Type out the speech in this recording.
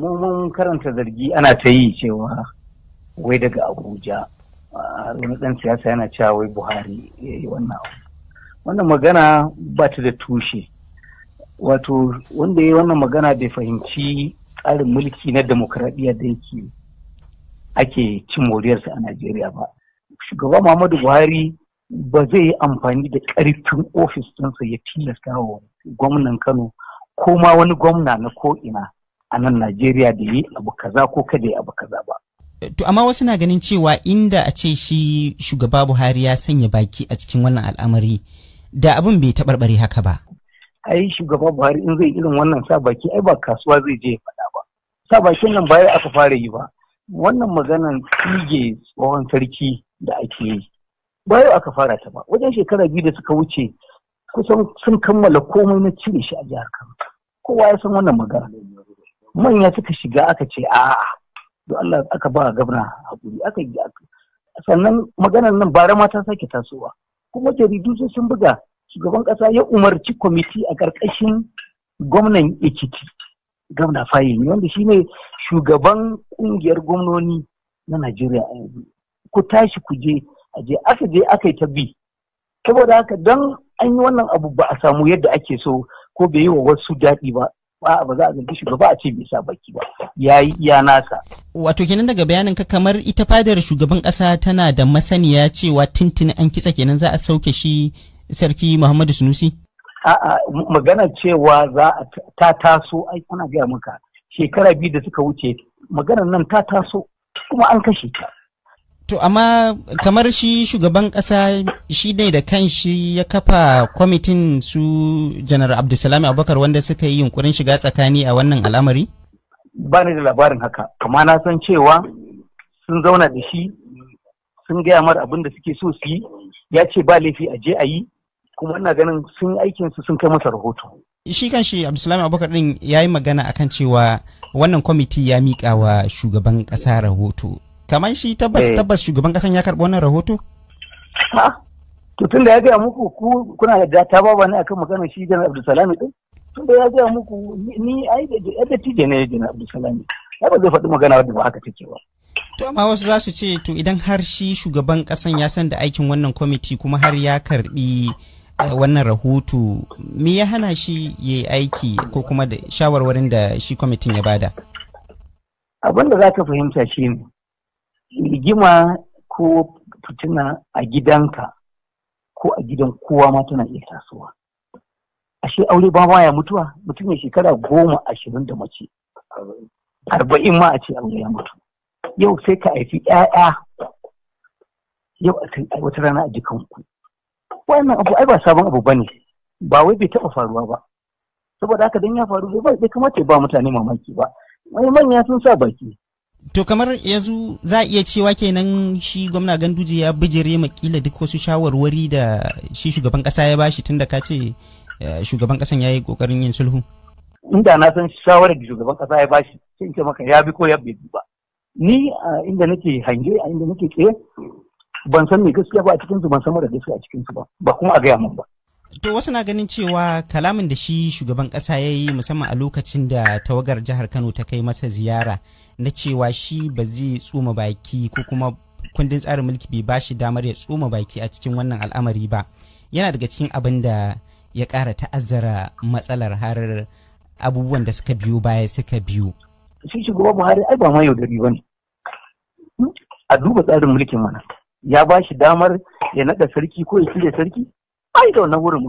mu mun karanta zargi ana ta yi cewa wai daga abuja wani dan siyasa yana cewa wai buhari ya yi wannan wannan magana ba ta da tushe wato wanda ya yi wannan magana bai fahimci tsarin mulki na demokradiyya da yake ake cin moriyarsa a najeriya ba shugaba muhammadu buhari ba zai yi amfani da ƙarfin ofis ɗinsa ya tilasta wa gwamnan kano ko ma wani gwamna na ko'ina a nan Najeriya da yi abu kaza ko kada ya abu kaza ba. To amma wasu na ganin cewa inda a ce shi shugaba Buhari ya sanya baki a cikin wannan al'amari da abin bai taɓarɓare haka ba. Ai shugaba Buhari in zai irin wannan sa baki ai ba kasuwa zai je faɗa ba. Sa bakin nan baya aka fara yi ba. Wannan maganan tsige tsohon sarki da ake yi. Bayo aka fara ta ba. Wajen shekara biyu da suka wuce kusan sun kammala komai na cire shi a jihar Kano. Kowa ya san wannan magana. manya suka shiga aka ce a'a do Allah aka ba gabna hakuri aka yi sannan maganar nan bara ma ta sake tasowa kuma jaridu sai sun buga shugaban kasa ya umarci kwamiti a ƙarƙashin gwamnan ekiti gwamna fayil wanda shine shugaban ƙungiyar gwamnoni na najeriya a ku tashi ku je a je aka je aka yi ta bi saboda haka don an yi wannan abu ba a samu yadda ake so ko bai yi wa wasu daɗi ba a'a ba za a zargi shugaba a ce bai sa baki ba ya yi iya nasa. Wato kenan daga bayanin ka kamar ita fadar shugaban ƙasa tana da masaniya cewa tintin an kitsa kenan za a sauke shi sarki Muhammadu Sunusi? A'a magana cewa za a ta taso ai ana gaya maka shekara biyu da suka wuce maganar nan ta taso kuma an kashe ta. To amma kamar shi shugaban ƙasa shi ne da kanshi ya kafa kwamitin su janar Abdulsalami Abubakar wanda suka yi yunkurin shiga tsakani a wannan al'amari? Ba ni da labarin haka, kama na san cewa sun zauna da shi sun gaya mar abin da suke so su yi ya ce ba laifi a je a yi kuma ina ganin sun aikin su sun kai masa rahoto. Shi kan shi Abdulsalami Abubakar din ya yi magana akan cewa wannan kwamiti ya miƙa wa shugaban ƙasa rahoto. kamar shi tabbas eh. tabbas shugaban kasan ya karɓi wannan rahoto to tun da ya gaya muku ku kuna da data ba ne akan magana shi Jan abdulsalami din tun da ya gaya muku ni ai da tije ne janar abdulsalami ai ba zai faɗi magana wadda ba haka take ba to amma wasu za su ce to idan har shi shugaban kasan ya san da aikin wannan kwamiti kuma har ya karbi eh, wannan rahoto me ya hana shi ya yi aiki ko kuma da shawarwarin da shi kwamitin ya bada abin da za ka fahimta shi ne rigima ko fitina a gidanka ko a gidan kowa ma tana iya tasowa ashe aure ba ya mutuwa mutum ya shekara goma ashirin da mace arba'in ma a ce aure ya mutu yau sai ka haifi 'ya'ya yau a wata rana a jikanku wannan abu ai ba sabon abu bane ba wai bai taɓa faruwa ba saboda haka dan ya faru bai kamata ya ba mutane mamaki ba wani manya sun sa baki to kamar yanzu za a iya cewa kenan shi gwamna ganduje ya bijire makila duk wasu shawarwari da shi shugaban kasa ya bashi tunda ka ce eh, shugaban kasan ya yi kokarin yin sulhu inda na san shawarar da shugaban kasa ya bashi sai ce maka ya bi ko ya bi ba ni a inda nake hange a inda nake tsaye ban san me gaskiya ba a cikin su ban san mara gaskiya a cikin su ba ba kuma a gaya mun ba to wasu na ganin cewa kalamin da shi shugaban kasa ya yi musamman a lokacin da tawagar jihar kano ta kai masa ziyara na cewa shi ba zai tsoma baki ko kuma kundin tsarin mulki bai ba shi damar ya tsoma baki a cikin wannan al'amari ba yana daga cikin abin da ya ƙara ta'azzara matsalar har abubuwan da suka biyo baya suka biyo shi shugaban buhari ai ba ma yaudari ba ne a duba tsarin mulkin mana ya ba shi damar ya naɗa sarki ko ya shirya sarki 사이로너구르면